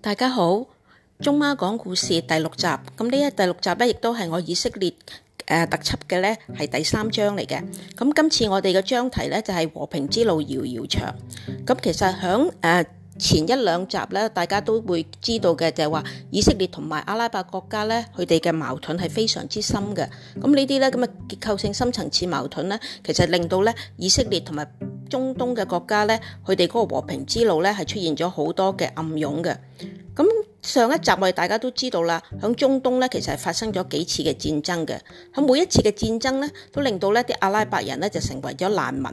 大家好，中媽講故事第六集，咁呢一第六集咧，亦都係我以色列誒、呃、特輯嘅咧，係第三章嚟嘅。咁今次我哋嘅章題咧就係、是、和平之路遙遙長。咁其實響誒、呃、前一兩集咧，大家都會知道嘅就係話以色列同埋阿拉伯國家咧，佢哋嘅矛盾係非常之深嘅。咁呢啲咧咁嘅結構性深層次矛盾咧，其實令到咧以色列同埋。中東嘅國家咧，佢哋嗰個和平之路咧，係出現咗好多嘅暗湧嘅。咁上一集我哋大家都知道啦，響中東咧其實係發生咗幾次嘅戰爭嘅。咁每一次嘅戰爭咧，都令到咧啲阿拉伯人咧就成為咗難民。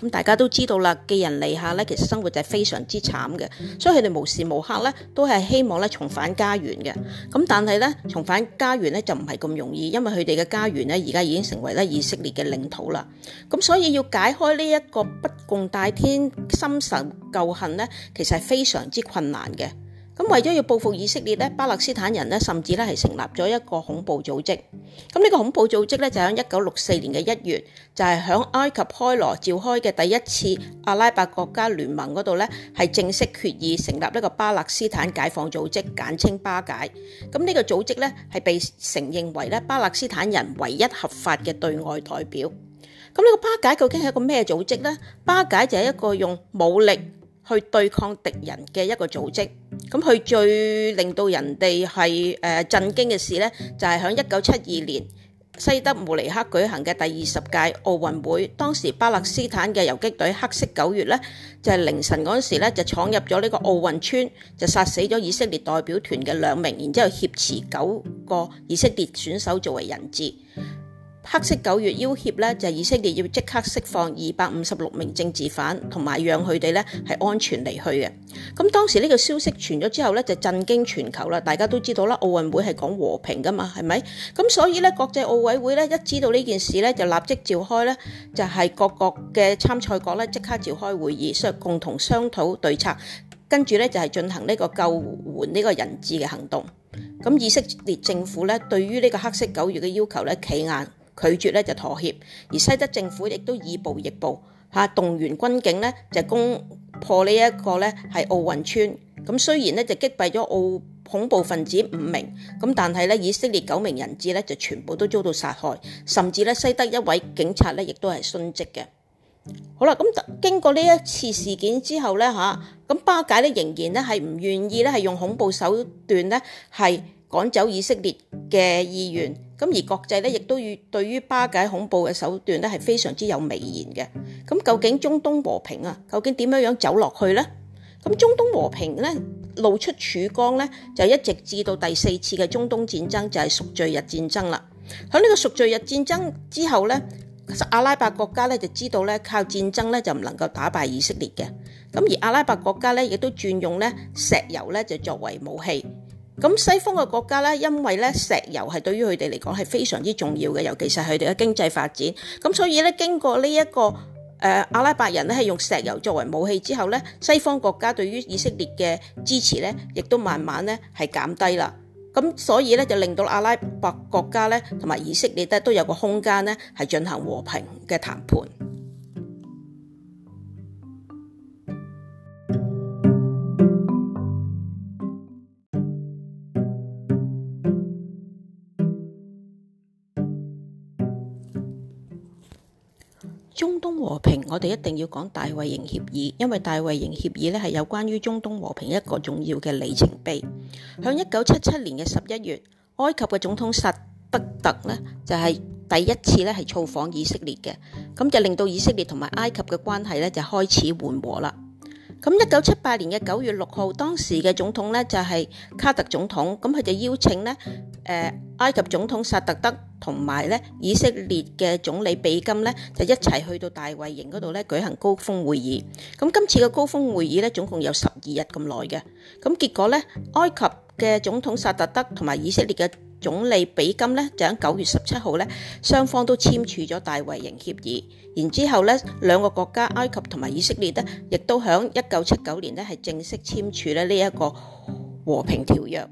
咁大家都知道啦，寄人籬下咧，其實生活就係非常之慘嘅，所以佢哋無時無刻咧都係希望咧重返家園嘅。咁但係咧，重返家園咧就唔係咁容易，因為佢哋嘅家園咧而家已經成為咧以色列嘅領土啦。咁所以要解開呢一個不共戴天、深仇舊恨咧，其實係非常之困難嘅。咁為咗要報復以色列咧，巴勒斯坦人咧甚至咧係成立咗一個恐怖組織。咁呢個恐怖組織咧就喺一九六四年嘅一月，就係喺埃及開羅召開嘅第一次阿拉伯國家聯盟嗰度咧，係正式決議成立一個巴勒斯坦解放組織，簡稱巴解。咁呢個組織咧係被承認為咧巴勒斯坦人唯一合法嘅對外代表。咁呢個巴解究竟係一個咩組織咧？巴解就係一個用武力去對抗敵人嘅一個組織。咁佢最令到人哋係誒震驚嘅事呢，就係響一九七二年西德慕尼黑舉行嘅第二十屆奧運會。當時巴勒斯坦嘅游擊隊黑色九月呢，就係、是、凌晨嗰陣時呢，就闖入咗呢個奧運村，就殺死咗以色列代表團嘅兩名，然之後挾持九個以色列選手作為人質。黑色九月要挾咧，就係以色列要即刻釋放二百五十六名政治犯，同埋讓佢哋咧係安全離去嘅。咁當時呢個消息傳咗之後咧，就震驚全球啦。大家都知道啦，奧運會係講和平噶嘛，係咪？咁所以咧，國際奧委會咧一知道呢件事咧，就立即召開咧，就係各國嘅參賽國咧即刻召開會議，所以共同商討對策，跟住咧就係進行呢個救援呢個人質嘅行動。咁以色列政府咧對於呢個黑色九月嘅要求咧企硬。拒絕咧就妥協，而西德政府亦都以暴易暴，嚇動員軍警呢，就攻破呢一個呢係奧運村。咁雖然呢就擊斃咗奧恐怖分子五名，咁但係呢以色列九名人質呢就全部都遭到殺害，甚至呢西德一位警察呢亦都係殉職嘅。好啦，咁經過呢一次事件之後呢，吓，咁巴解呢仍然呢係唔願意呢係用恐怖手段呢係。趕走以色列嘅意願，咁而國際咧亦都要對於巴解恐怖嘅手段咧係非常之有微言嘅。咁究竟中東和平啊，究竟點樣樣走落去呢？咁中東和平咧露出曙光咧，就一直至到第四次嘅中東戰爭就係、是、贖罪日戰爭啦。喺呢個贖罪日戰爭之後咧，其實阿拉伯國家咧就知道咧靠戰爭咧就唔能夠打敗以色列嘅。咁而阿拉伯國家咧亦都轉用咧石油咧就作為武器。咁西方嘅國家咧，因為咧石油係對於佢哋嚟講係非常之重要嘅，尤其是佢哋嘅經濟發展。咁所以咧，經過呢、這、一個誒、呃、阿拉伯人咧係用石油作為武器之後咧，西方國家對於以色列嘅支持咧，亦都慢慢咧係減低啦。咁所以咧，就令到阿拉伯國家咧同埋以色列咧都有個空間咧係進行和平嘅談判。中東和平，我哋一定要講大衛營協議，因為大衛營協議咧係有關於中東和平一個重要嘅里程碑。響一九七七年嘅十一月，埃及嘅總統薩德特咧就係第一次咧係造訪以色列嘅，咁就令到以色列同埋埃及嘅關係呢就開始緩和啦。咁一九七八年嘅九月六號，當時嘅總統咧就係、是、卡特總統，咁佢就邀請咧，誒、呃、埃及總統薩特德同埋咧以色列嘅總理比金咧，就一齊去到大衛營嗰度咧舉行高峰會議。咁今次嘅高峰會議咧，總共有十二日咁耐嘅。咁結果咧，埃及嘅總統薩特德同埋以色列嘅總理比金呢，就喺九月十七號呢，雙方都簽署咗大衛營協議。然之後呢，兩個國家埃及同埋以色列呢，亦都喺一九七九年呢，係正式簽署呢一個和平條約。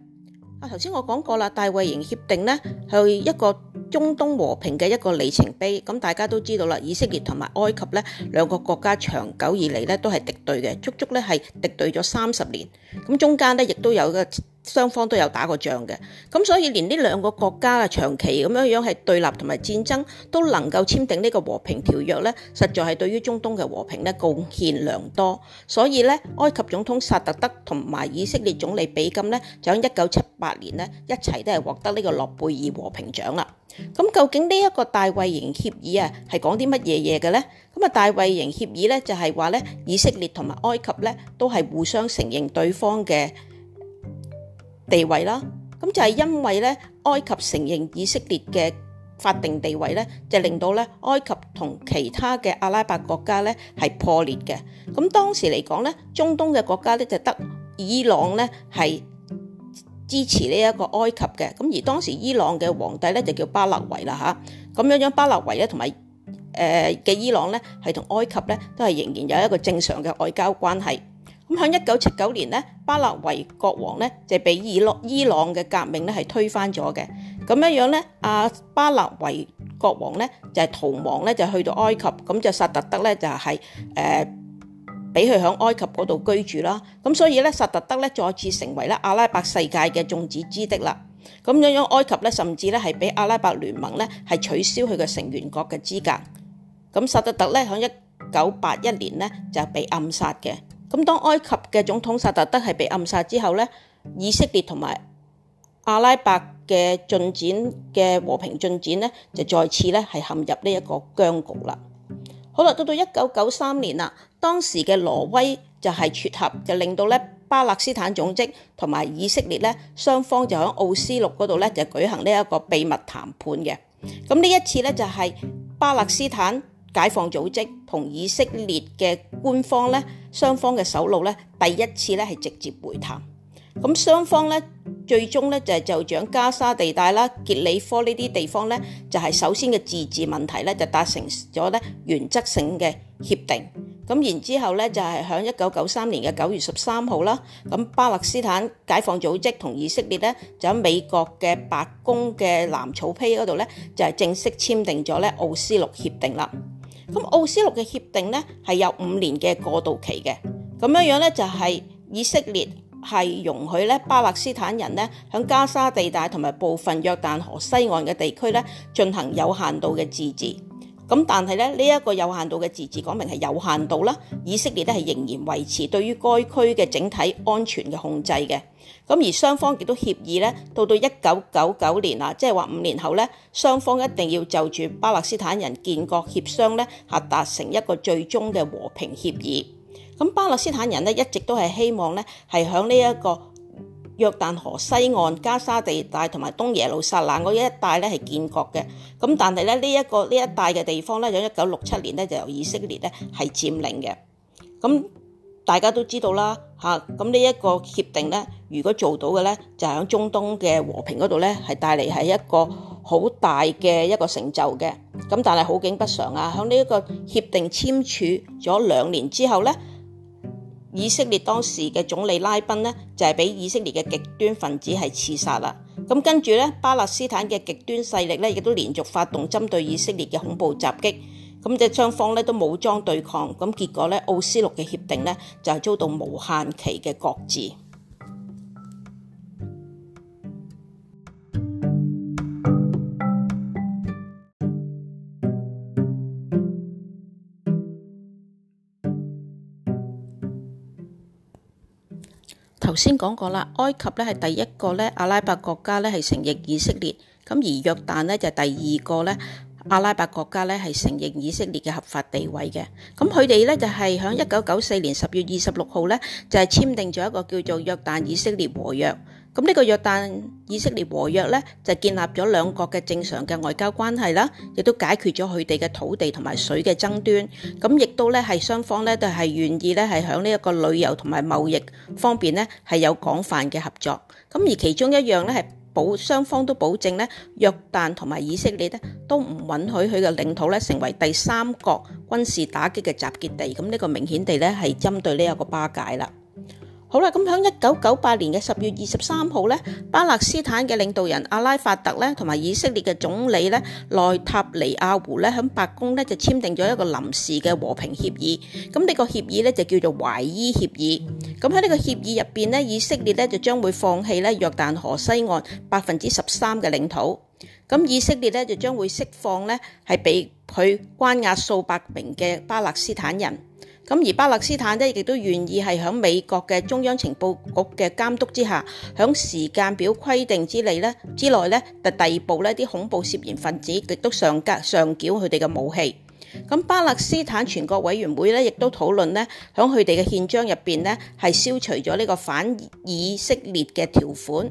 啊，頭先我講過啦，大衛營協定呢，係一個中東和平嘅一個里程碑。咁大家都知道啦，以色列同埋埃及咧兩個國家，長久以嚟咧都係敵對嘅，足足咧係敵對咗三十年。咁中間咧亦都有個雙方都有打過仗嘅。咁所以連呢兩個國家啊長期咁樣樣係對立同埋戰爭，都能夠簽訂呢個和平條約咧，實在係對於中東嘅和平咧貢獻良多。所以咧，埃及總統薩特德同埋以色列總理比金咧，就喺一九七八年咧一齊都係獲得呢個諾貝爾和平獎啦。咁究竟呢一個大衛營協議啊，係講啲乜嘢嘢嘅咧？咁啊，大衛營協議咧就係話咧，以色列同埋埃及咧都係互相承認對方嘅地位啦。咁就係因為咧，埃及承認以色列嘅法定地位咧，就令到咧，埃及同其他嘅阿拉伯國家咧係破裂嘅。咁當時嚟講咧，中東嘅國家咧就得伊朗咧係。支持呢一個埃及嘅，咁而當時伊朗嘅皇帝咧就叫巴勒維啦嚇，咁樣樣巴勒維咧同埋誒嘅伊朗咧係同埃及咧都係仍然有一個正常嘅外交關係。咁喺一九七九年咧，巴勒維國王咧就俾伊朗嘅革命咧係推翻咗嘅，咁樣樣咧阿巴勒維國王咧就係、是、逃亡咧就去到埃及，咁就薩特德咧就係、是、誒。呃俾佢喺埃及嗰度居住啦，咁所以咧，薩特德咧再次成為咧阿拉伯世界嘅眾矢之的啦。咁樣樣埃及咧，甚至咧係俾阿拉伯聯盟咧係取消佢嘅成員國嘅資格。咁薩特德咧喺一九八一年咧就被暗殺嘅。咁當埃及嘅總統薩特德係被暗殺之後咧，以色列同埋阿拉伯嘅進展嘅和平進展咧，就再次咧係陷入呢一個僵局啦。好啦，到到一九九三年啦，當時嘅挪威就係撮合，就令到咧巴勒斯坦總職同埋以色列咧，雙方就喺奧斯陸嗰度咧就舉行呢一個秘密談判嘅。咁呢一次咧就係巴勒斯坦解放組織同以色列嘅官方咧，雙方嘅首腦咧第一次咧係直接會談。咁雙方咧，最終咧就係就將加沙地帶啦、傑里科呢啲地方咧，就係首先嘅自治問題咧，就達成咗咧原則性嘅協定。咁然之後咧，就係喺一九九三年嘅九月十三號啦。咁巴勒斯坦解放組織同以色列咧，就喺美國嘅白宮嘅藍草披嗰度咧，就係正式簽訂咗咧《奧斯陸協定》啦。咁《奧斯陸嘅協定》咧係有五年嘅過渡期嘅。咁樣樣咧就係以色列，係容許咧巴勒斯坦人咧喺加沙地帶同埋部分約旦河西岸嘅地區咧進行有限度嘅自治，咁但係咧呢一個有限度嘅自治，講明係有限度啦。以色列咧係仍然維持對於該區嘅整體安全嘅控制嘅，咁而雙方亦都協議咧，到到一九九九年啊，即係話五年後咧，雙方一定要就住巴勒斯坦人建國協商咧，係達成一個最終嘅和平協議。咁巴勒斯坦人咧一直都係希望咧係喺呢一個約旦河西岸加沙地帶同埋東耶路撒冷嗰一帶咧係建國嘅。咁但係咧呢一個呢一帶嘅地方咧，有一九六七年咧就由以色列咧係佔領嘅。咁大家都知道啦嚇。咁，啊，呢一個協定咧，如果做到嘅咧，就喺中東嘅和平嗰度咧係帶嚟係一個好大嘅一個成就嘅。咁但係好景不常啊，喺呢一個協定簽署咗兩年之後咧。以色列當時嘅總理拉賓呢，就係俾以色列嘅極端分子係刺殺啦。咁跟住呢，巴勒斯坦嘅極端勢力呢，亦都連續發動針對以色列嘅恐怖襲擊。咁就雙方呢，都武裝對抗。咁結果呢，奧斯陸嘅協定呢，就係遭到無限期嘅擱置。頭先講過啦，埃及咧係第一個咧阿拉伯國家咧係承認以色列，咁而約旦咧就第二個咧阿拉伯國家咧係承認以色列嘅合法地位嘅，咁佢哋咧就係喺一九九四年十月二十六號咧就係簽訂咗一個叫做約旦以色列和約。咁呢個約旦以色列和約呢，就建立咗兩國嘅正常嘅外交關係啦，亦都解決咗佢哋嘅土地同埋水嘅爭端。咁亦都咧係雙方咧都係願意咧係喺呢一個旅遊同埋貿易方面咧係有廣泛嘅合作。咁而其中一樣咧係保雙方都保證咧約旦同埋以色列咧都唔允許佢嘅領土咧成為第三國軍事打擊嘅集結地。咁呢個明顯地咧係針對呢一個巴解啦。好啦，咁喺一九九八年嘅十月二十三號咧，巴勒斯坦嘅領導人阿拉法特咧，同埋以色列嘅總理咧內塔尼亞胡咧，喺白宮咧就簽訂咗一個臨時嘅和平協議。咁呢個協議咧就叫做懷伊協議。咁喺呢個協議入面咧，以色列咧就將會放棄咧約旦河西岸百分之十三嘅領土。咁以色列咧就將會釋放咧係被佢關押數百名嘅巴勒斯坦人。咁而巴勒斯坦呢，亦都願意係喺美國嘅中央情報局嘅監督之下，喺時間表規定之內咧之內咧，逮捕呢啲恐怖涉嫌分子亦都上交上繳佢哋嘅武器。咁巴勒斯坦全國委員會咧亦都討論咧喺佢哋嘅憲章入邊咧係消除咗呢個反以色列嘅條款。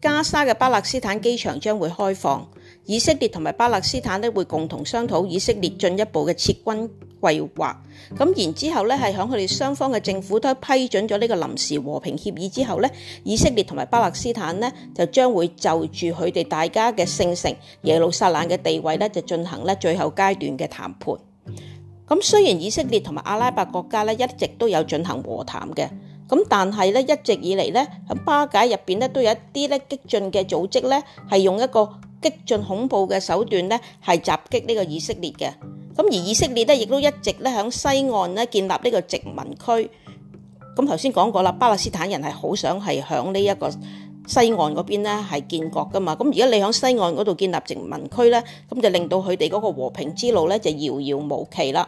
加沙嘅巴勒斯坦機場將會開放。以色列同埋巴勒斯坦咧會共同商討以色列進一步嘅撤軍計劃。咁然之後咧，係響佢哋雙方嘅政府都批准咗呢個臨時和平協議之後咧，以色列同埋巴勒斯坦咧就將會就住佢哋大家嘅聖城耶路撒冷嘅地位咧就進行咧最後階段嘅談判。咁雖然以色列同埋阿拉伯國家咧一直都有進行和談嘅，咁但係咧一直以嚟咧響巴解入邊咧都有一啲咧激進嘅組織咧係用一個。激進恐怖嘅手段咧，係襲擊呢個以色列嘅。咁而以色列咧，亦都一直咧喺西岸咧建立呢個殖民區。咁頭先講過啦，巴勒斯坦人係好想係喺呢一個西岸嗰邊咧係建國㗎嘛。咁而家你喺西岸嗰度建立殖民區咧，咁就令到佢哋嗰個和平之路咧就遙遙無期啦。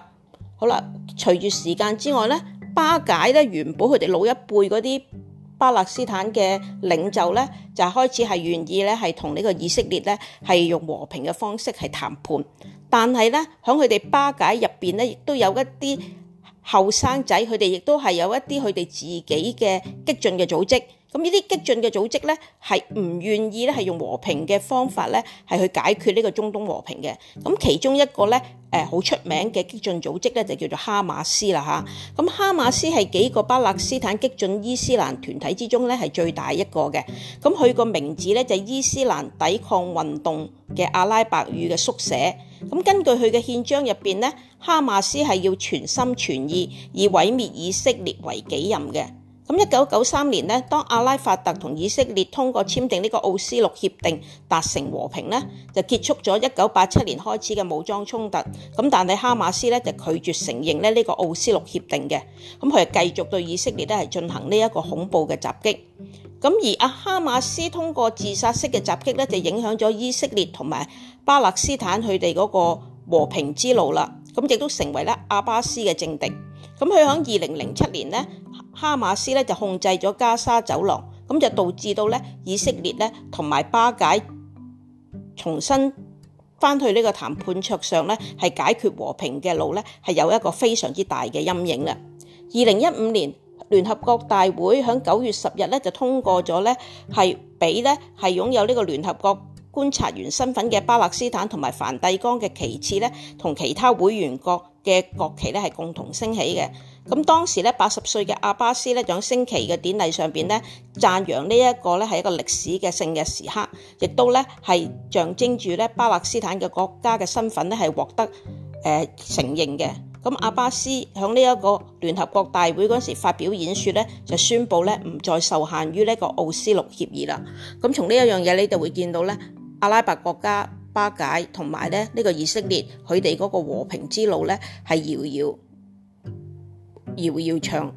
好啦，隨住時間之外咧，巴解咧原本佢哋老一輩嗰啲。巴勒斯坦嘅領袖咧，就開始係願意咧係同呢個以色列咧係用和平嘅方式係談判，但係咧響佢哋巴解入邊咧亦都有一啲後生仔，佢哋亦都係有一啲佢哋自己嘅激進嘅組織。咁呢啲激進嘅組織咧，係唔願意咧，係用和平嘅方法咧，係去解決呢個中東和平嘅。咁其中一個咧，誒好出名嘅激進組織咧，就叫做哈馬斯啦嚇。咁哈馬斯係幾個巴勒斯坦激進伊斯蘭團體之中咧，係最大一個嘅。咁佢個名字咧就係伊斯蘭抵抗運動嘅阿拉伯語嘅縮寫。咁根據佢嘅憲章入邊咧，哈馬斯係要全心全意以毀滅以色列為己任嘅。咁一九九三年呢，當阿拉法特同以色列通過簽訂呢個《奧斯陸協定》達成和平呢，就結束咗一九八七年開始嘅武裝衝突。咁但係哈馬斯咧就拒絕承認咧呢個《奧斯陸協定》嘅，咁佢係繼續對以色列咧係進行呢一個恐怖嘅襲擊。咁而阿哈馬斯通過自殺式嘅襲擊咧，就影響咗以色列同埋巴勒斯坦佢哋嗰個和平之路啦。咁亦都成為咧阿巴斯嘅政敵。咁佢喺二零零七年呢，哈馬斯咧就控制咗加沙走廊，咁就導致到咧以色列咧同埋巴解重新返去呢個談判桌上咧，係解決和平嘅路咧係有一個非常之大嘅陰影啦。二零一五年聯合國大會響九月十日咧就通過咗咧係俾咧係擁有呢個聯合國觀察員身份嘅巴勒斯坦同埋梵蒂岡嘅旗幟咧同其他會員國嘅國旗咧係共同升起嘅。咁當時咧，八十歲嘅阿巴斯咧，響升旗嘅典禮上面咧，讚揚呢一個咧係一個歷史嘅勝嘅時刻，亦都咧係象徵住咧巴勒斯坦嘅國家嘅身份咧係獲得誒承認嘅。咁、呃、阿巴斯喺呢一個聯合國大會嗰時發表演説咧，就宣布咧唔再受限於呢個奧斯陸協議啦。咁從呢一樣嘢你就會見到咧，阿拉伯國家巴解同埋咧呢、呢個以色列佢哋嗰個和平之路咧係遙遙。要要唱，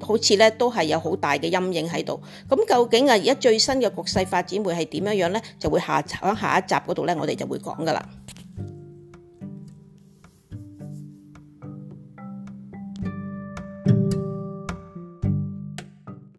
好似咧都係有好大嘅陰影喺度。咁究竟啊，而家最新嘅局勢發展會係點樣樣咧？就會下喺下一集嗰度咧，我哋就會講噶啦。